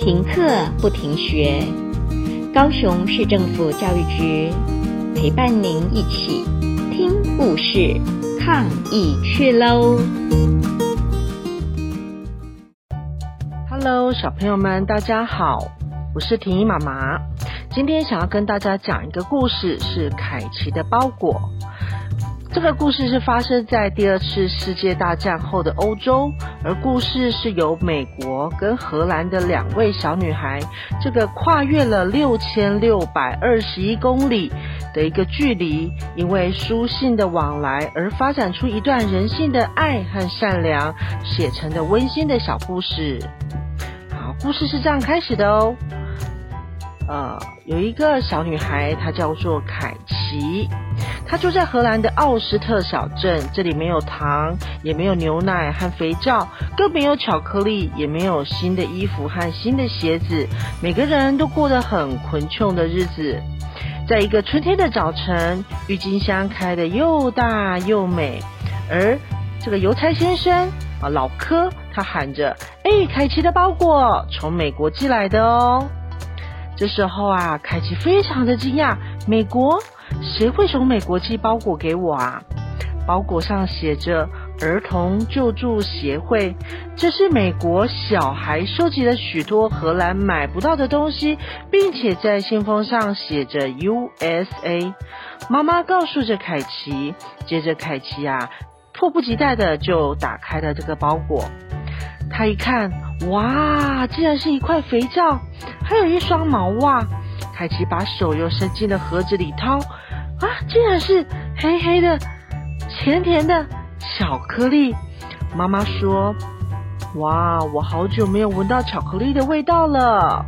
停課不停學，高雄市政府教育局陪伴您一起聽故事、抗疫趣嘍。Hello，小朋友們，大家好，我是婷儀媽媽，今天想要跟大家講一個故事，是凱琪的包裹。這個故事是發生在第二次世界大戰後的歐洲，而故事是由美國跟荷蘭的兩位小女孩，這個跨越了6621公里的一個距離，因為書信的往來而發展出一段人性的愛和善良，寫成的溫馨的小故事。好，故事是這樣開始的哦。呃，有一個小女孩，她叫做凱琪，她住在荷蘭的奧斯特小鎮。這裡沒有糖，也沒有牛奶和肥皂，更沒有巧克力，也沒有新的衣服和新的鞋子。每個人都過得很困窮的日子。在一個春天的早晨，鬱金香開得又大又美，而這個郵差先生啊，老柯，他喊着：“哎、欸，凱琪的包裹，從美國寄來的哦。”這時候啊，凱琪非常的驚訝，美國，誰會從美國寄包裹給我啊？包裹上寫着“兒童救助協會”，這是美國小孩收集了許多荷蘭買不到的東西，並且在信封上寫着 “U.S.A.”。媽媽告訴着凱琪，接着凱琪啊，迫不及待的就打開了這個包裹，他一看。哇，竟然是一塊肥皂，還有一雙毛襪。凱琪把手又伸進了盒子裡掏，啊，竟然是黑黑的、甜甜的巧克力。媽媽說：“哇，我好久沒有聞到巧克力的味道了。”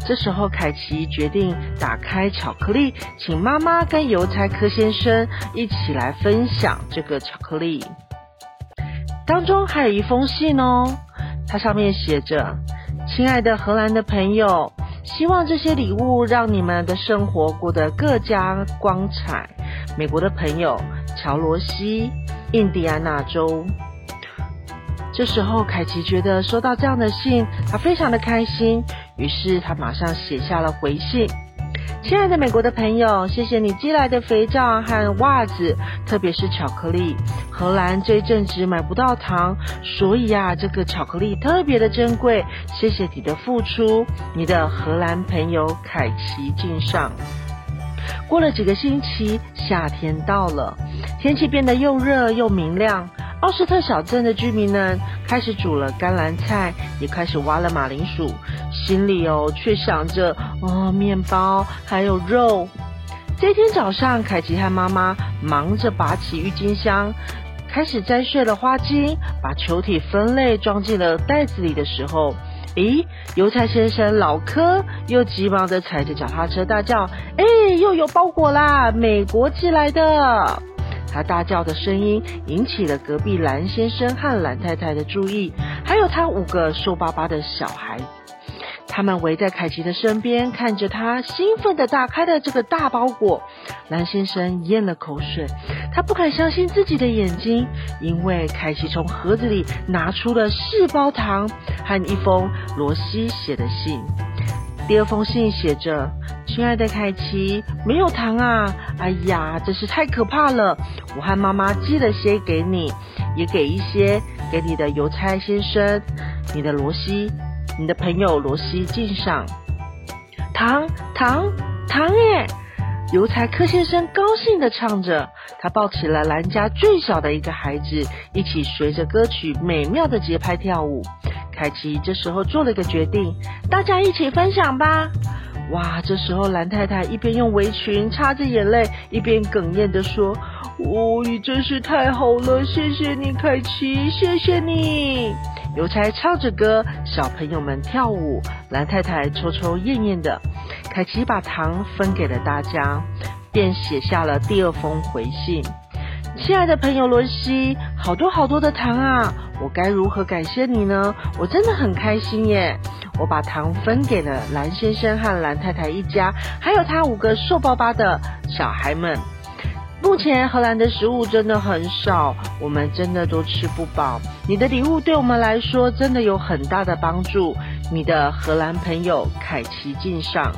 這時候，凱琪決定打開巧克力，請媽媽跟郵差柯先生一起來分享這個巧克力。當中還有一封信哦。它上面寫着：“親愛的荷蘭的朋友，希望這些禮物讓你們的生活過得更加光彩。”美國的朋友，喬羅西，印第安納州。這時候，凱琪覺得收到這樣的信，他非常的開心，於是他馬上寫下了回信。親愛的美國的朋友，謝謝你寄來的肥皂和襪子，特別是巧克力。荷蘭這一陣子買不到糖，所以啊，這個巧克力特別的珍貴。謝謝你的付出，你的荷蘭朋友凱琪敬上。過了幾個星期，夏天到了，天氣變得又熱又明亮。奧斯特小鎮的居民呢，開始煮了甘藍菜，也開始挖了馬鈴薯。心裡哦，卻想着哦，麵包還有肉。這天早上，凱琪和媽媽忙着拔起鬱金香，開始摘碎了花莖，把球體分類裝進了袋子裡的時候，咦，郵差先生老柯又急忙的踩着腳踏車大叫：“哎，又有包裹啦！美國寄來的！”他大叫的聲音引起了隔壁蘭先生和蘭太太的注意，還有他五個瘦巴巴的小孩。他們圍在凱琪的身邊，看着他興奮地打開的這個大包裹。藍先生咽了口水，他不敢相信自己的眼睛，因為凱琪從盒子裡拿出了四包糖和一封羅西寫的信。第二封信寫着：“親愛的凱琪，沒有糖啊！哎呀，真是太可怕了！我和媽媽寄了些給你，也給一些給你的郵差先生，你的羅西。”你的朋友羅西敬上。糖糖糖，耶！尤才科先生高興的唱着，他抱起了蘭家最小的一個孩子，一起隨着歌曲美妙的節拍跳舞。凱奇這時候做了個決定，大家一起分享吧！哇，這時候蘭太太一邊用圍裙擦着眼淚，一邊哽咽的說：“哦，你真是太好了，謝謝你，凱奇，謝謝你。”郵差唱着歌，小朋友們跳舞，藍太太抽抽咽咽的，凱琪把糖分給了大家，便寫下了第二封回信。親愛的朋友羅西，好多好多的糖啊！我該如何感謝你呢？我真的很開心耶！我把糖分給了藍先生和藍太太一家，還有他五個瘦巴巴的小孩們。目前荷蘭的食物真的很少，我們真的都吃不飽。你的禮物對我們來說真的有很大的幫助。你的荷蘭朋友凱琪敬上。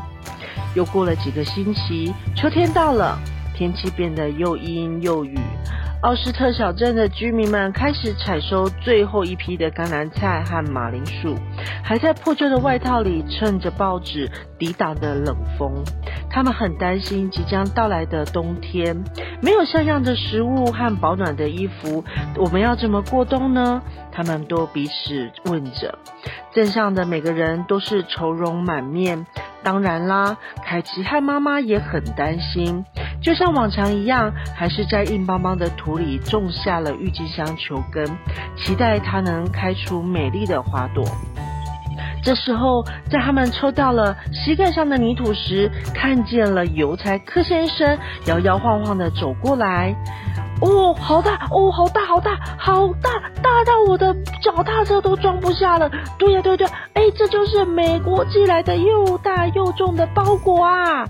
又過了幾個星期，秋天到了。天氣變得又陰又雨，奧斯特小鎮的居民們開始採收最後一批的甘藍菜和馬鈴薯，還在破舊的外套裡襯著報紙抵擋的冷風。他們很擔心即將到來的冬天，沒有像樣的食物和保暖的衣服，我們要怎麼過冬呢？他們都彼此問着。鎮上的每個人都是愁容滿面。當然啦，凱琪和媽媽也很擔心。就像往常一樣，還是在硬邦邦的土裡種下了鬱金香球根，期待它能開出美麗的花朵。這時候，在他們抽掉了膝蓋上的泥土時，看見了郵差柯先生搖搖晃晃的走過來。哦，好大，哦，好大，好大，好大，大到我的腳踏車都裝不下了。對呀，對呀，對呀，哎，這就是美國寄來的又大又重的包裹啊！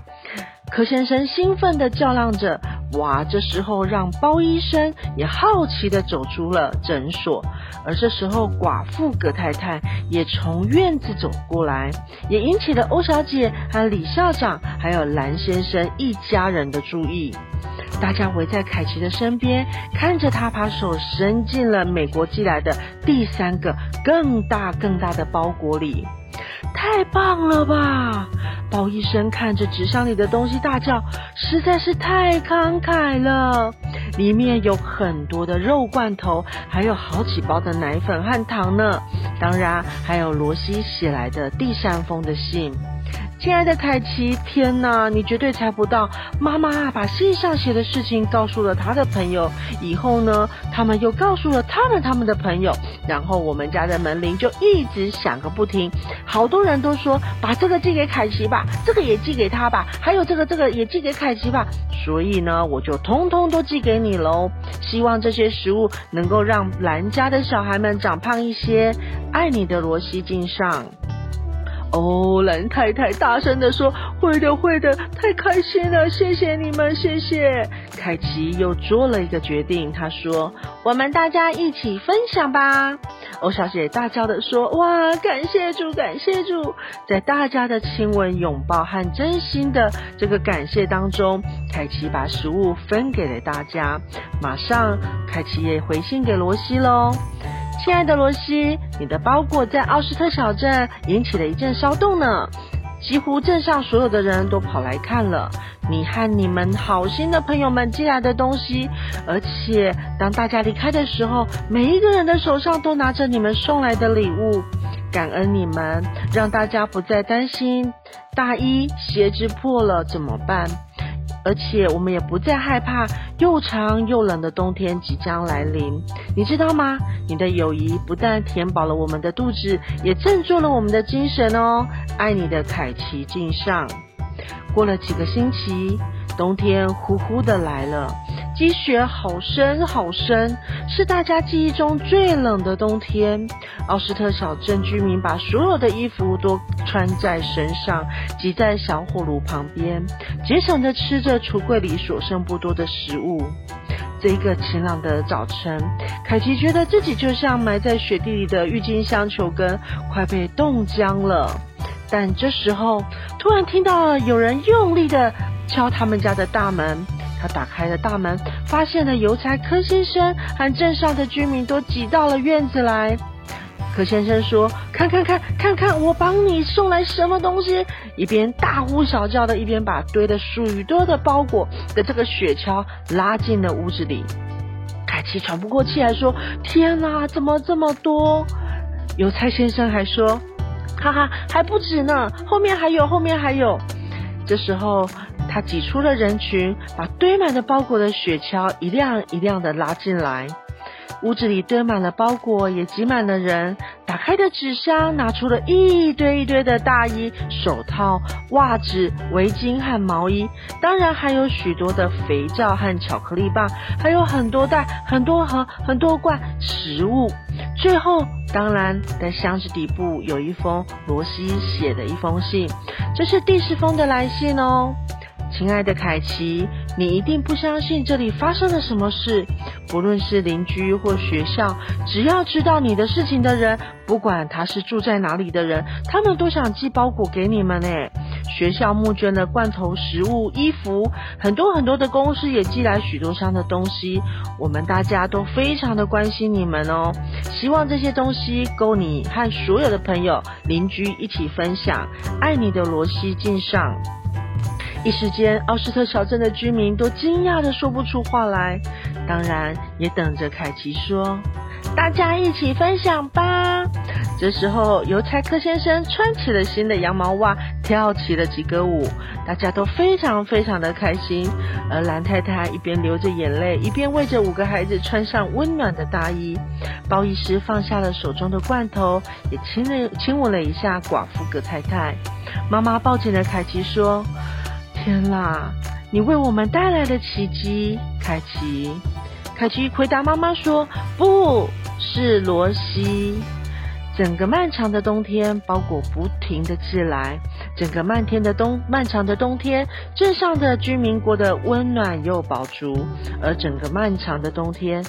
柯先生興奮地叫嚷着：“哇！”這時候，讓包醫生也好奇地走出了診所，而這時候，寡婦葛太太也從院子走過來，也引起了歐小姐和李校長還有藍先生一家人的注意。大家圍在凱琪的身邊，看着他把手伸進了美國寄來的第三個更大更大的包裹裡。太棒了吧！包醫生看着紙箱裡的東西大叫，實在是太慷慨了。裡面有很多的肉罐頭，還有好幾包的奶粉和糖呢。當然，還有羅西寫來的第三封的信。親愛的凱奇，天吶，你絕對猜不到，媽媽啊，把信上寫的事情告訴了他的朋友，以後呢，他們又告訴了他們他們的朋友，然後我們家的門鈴就一直響個不停，好多人都說把這個寄給凱奇吧，這個也寄給他吧，還有這個這個也寄給凱奇吧，所以呢，我就通通都寄給你嘍，希望這些食物能夠讓蘭家的小孩們長胖一些，愛你的羅西敬上。歐蘭太太大聲的說：“會的，會的，太開心了，謝謝你們，謝謝。”凱奇又做了一個決定，他說：“我們大家一起分享吧。”歐小姐大叫的說：“哇，感謝主，感謝主！”在大家的親吻、擁抱和真心的這個感謝當中，凱奇把食物分給了大家。馬上，凱奇也回信給羅西嘍。親愛的羅西，你的包裹在奧斯特小鎮引起了一陣騷動呢。幾乎鎮上所有的人都跑來看了你和你們好心的朋友們寄來的東西，而且當大家離開的時候，每一個人的手上都拿着你們送來的禮物。感恩你們，讓大家不再擔心大衣鞋子破了怎麼辦。而且我們也不再害怕又長又冷的冬天即將來臨，你知道嗎？你的友誼不但填飽了我們的肚子，也振作了我們的精神哦。愛你的凱琪敬上。過了幾個星期。冬天呼呼的來了，積雪好深好深，是大家記憶中最冷的冬天。奧斯特小鎮居民把所有的衣服都穿在身上，擠在小火爐旁邊，節省着吃着櫥櫃裡所剩不多的食物。這一個晴朗的早晨，凱琪覺得自己就像埋在雪地裡的鬱金香球根，快被凍僵了。但這時候，突然聽到了有人用力的敲他們家的大門。他打開了大門，發現了郵差柯先生和鎮上的居民都擠到了院子來。柯先生說：“看看看，看，看看我幫你送來什麼東西！”一邊大呼小叫的，一邊把堆了許多的包裹的這個雪橇拉進了屋子裡。凱奇喘不過氣來說：“天哪，怎麼這麼多？”郵差先生還說。哈哈，還不止呢，後面還有，後面還有。這時候，他擠出了人群，把堆滿了包裹的雪橇一輛一輛的拉進來。屋子裡堆滿了包裹，也擠滿了人。開的紙箱拿出了一堆一堆的大衣、手套、襪子、圍巾和毛衣，當然還有許多的肥皂和巧克力棒，還有很多袋、很多盒、很多罐食物。最後，當然在箱子底部有一封羅西寫的一封信，這是第十封的來信哦。親愛的凱琪，你一定不相信這裡發生了什麼事。不論是鄰居或學校，只要知道你的事情的人，不管他是住在哪裡的人，他們都想寄包裹給你們呢。學校募捐的罐頭食物、衣服，很多很多的公司也寄來許多箱的東西。我們大家都非常的關心你們哦，希望這些東西夠你和所有的朋友、鄰居一起分享。愛你的羅西敬上。一時間，奧斯特小鎮的居民都驚訝的說不出話來，當然也等着凱琪說：“大家一起分享吧！”這時候，尤柴克先生穿起了新的羊毛襪，跳起了吉格舞，大家都非常非常的開心。而藍太太一邊流着眼淚，一邊為着五個孩子穿上溫暖的大衣。包醫師放下了手中的罐頭，也親了親吻了一下寡婦葛太太。媽媽抱緊了凱琪說。天啦！你為我們帶來了奇蹟，凱琪。凱琪回答媽媽說：“不是羅西。”整個漫長的冬天，包裹不停的寄來。整個漫天的冬，漫長的冬天，鎮上的居民過得溫暖又飽足。而整個漫長的冬天。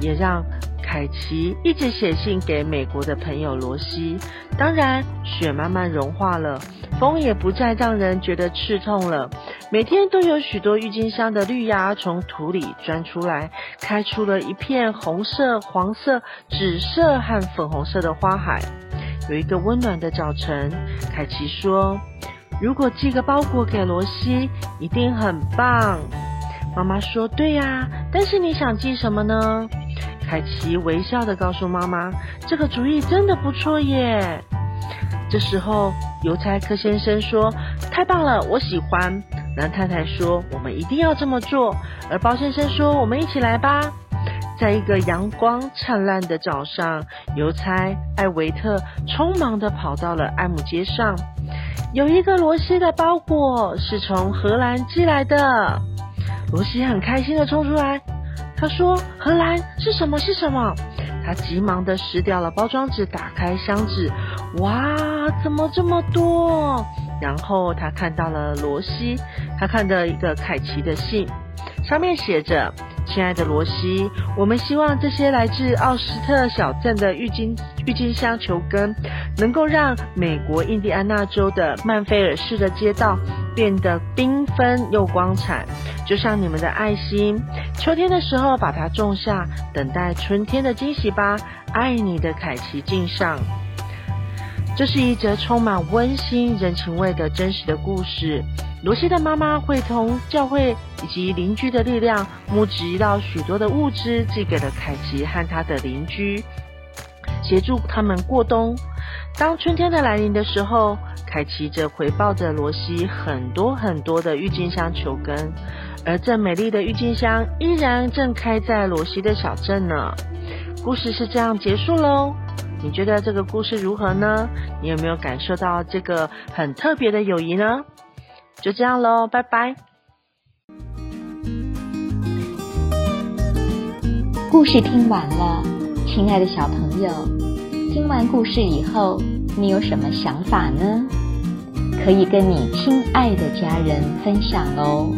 也讓凱琪一直寫信給美國的朋友羅西。當然，雪慢慢融化了，風也不再讓人覺得刺痛了。每天都有許多鬱金香的綠芽從土裡鑽出來，開出了一片紅色、黃色、紫色和粉紅色的花海。有一個溫暖的早晨，凱琪說：“如果寄個包裹給羅西，一定很棒。”媽媽說：“對呀，但是你想寄什麼呢？”凱琪微笑的告訴媽媽：“這個主意真的不錯耶。”這時候，郵差柯先生說：“太棒了，我喜歡。”藍太太說：“我們一定要這麼做。”而包先生說：“我們一起來吧。”在一個陽光燦爛的早上，郵差艾維特匆忙的跑到了艾姆街上，有一個羅西的包裹是從荷蘭寄來的。羅西很開心的衝出來。他說：“荷蘭是什麼？是什麼？”他急忙的撕掉了包裝紙，打開箱子，哇，怎麼這麼多？然後他看到了羅西，他看到一個凱琪的信，上面寫着。親愛的羅西，我們希望這些來自奧斯特小鎮的鬱金鬱金香球根，能夠讓美國印第安納州的曼菲爾市的街道變得繽紛又光彩，就像你們的愛心。秋天的時候把它種下，等待春天的驚喜吧。愛你的凱琪敬上。這是一則充滿溫馨人情味的真實的故事。羅西的媽媽會從教會以及鄰居的力量募集到許多的物資，寄給了凱琪和他的鄰居，協助他們過冬。當春天的來臨的時候，凱琪則回報着羅西很多很多的鬱金香球根，而這美麗的鬱金香依然正開在羅西的小鎮呢。故事是這樣結束嘍。你覺得這個故事如何呢？你有沒有感受到這個很特別的友誼呢？就這樣嘍，拜拜。故事聽完了，親愛的小朋友，聽完故事以後，你有什麼想法呢？可以跟你親愛的家人分享哦。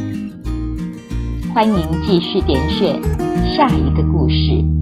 歡迎繼續點選下一個故事。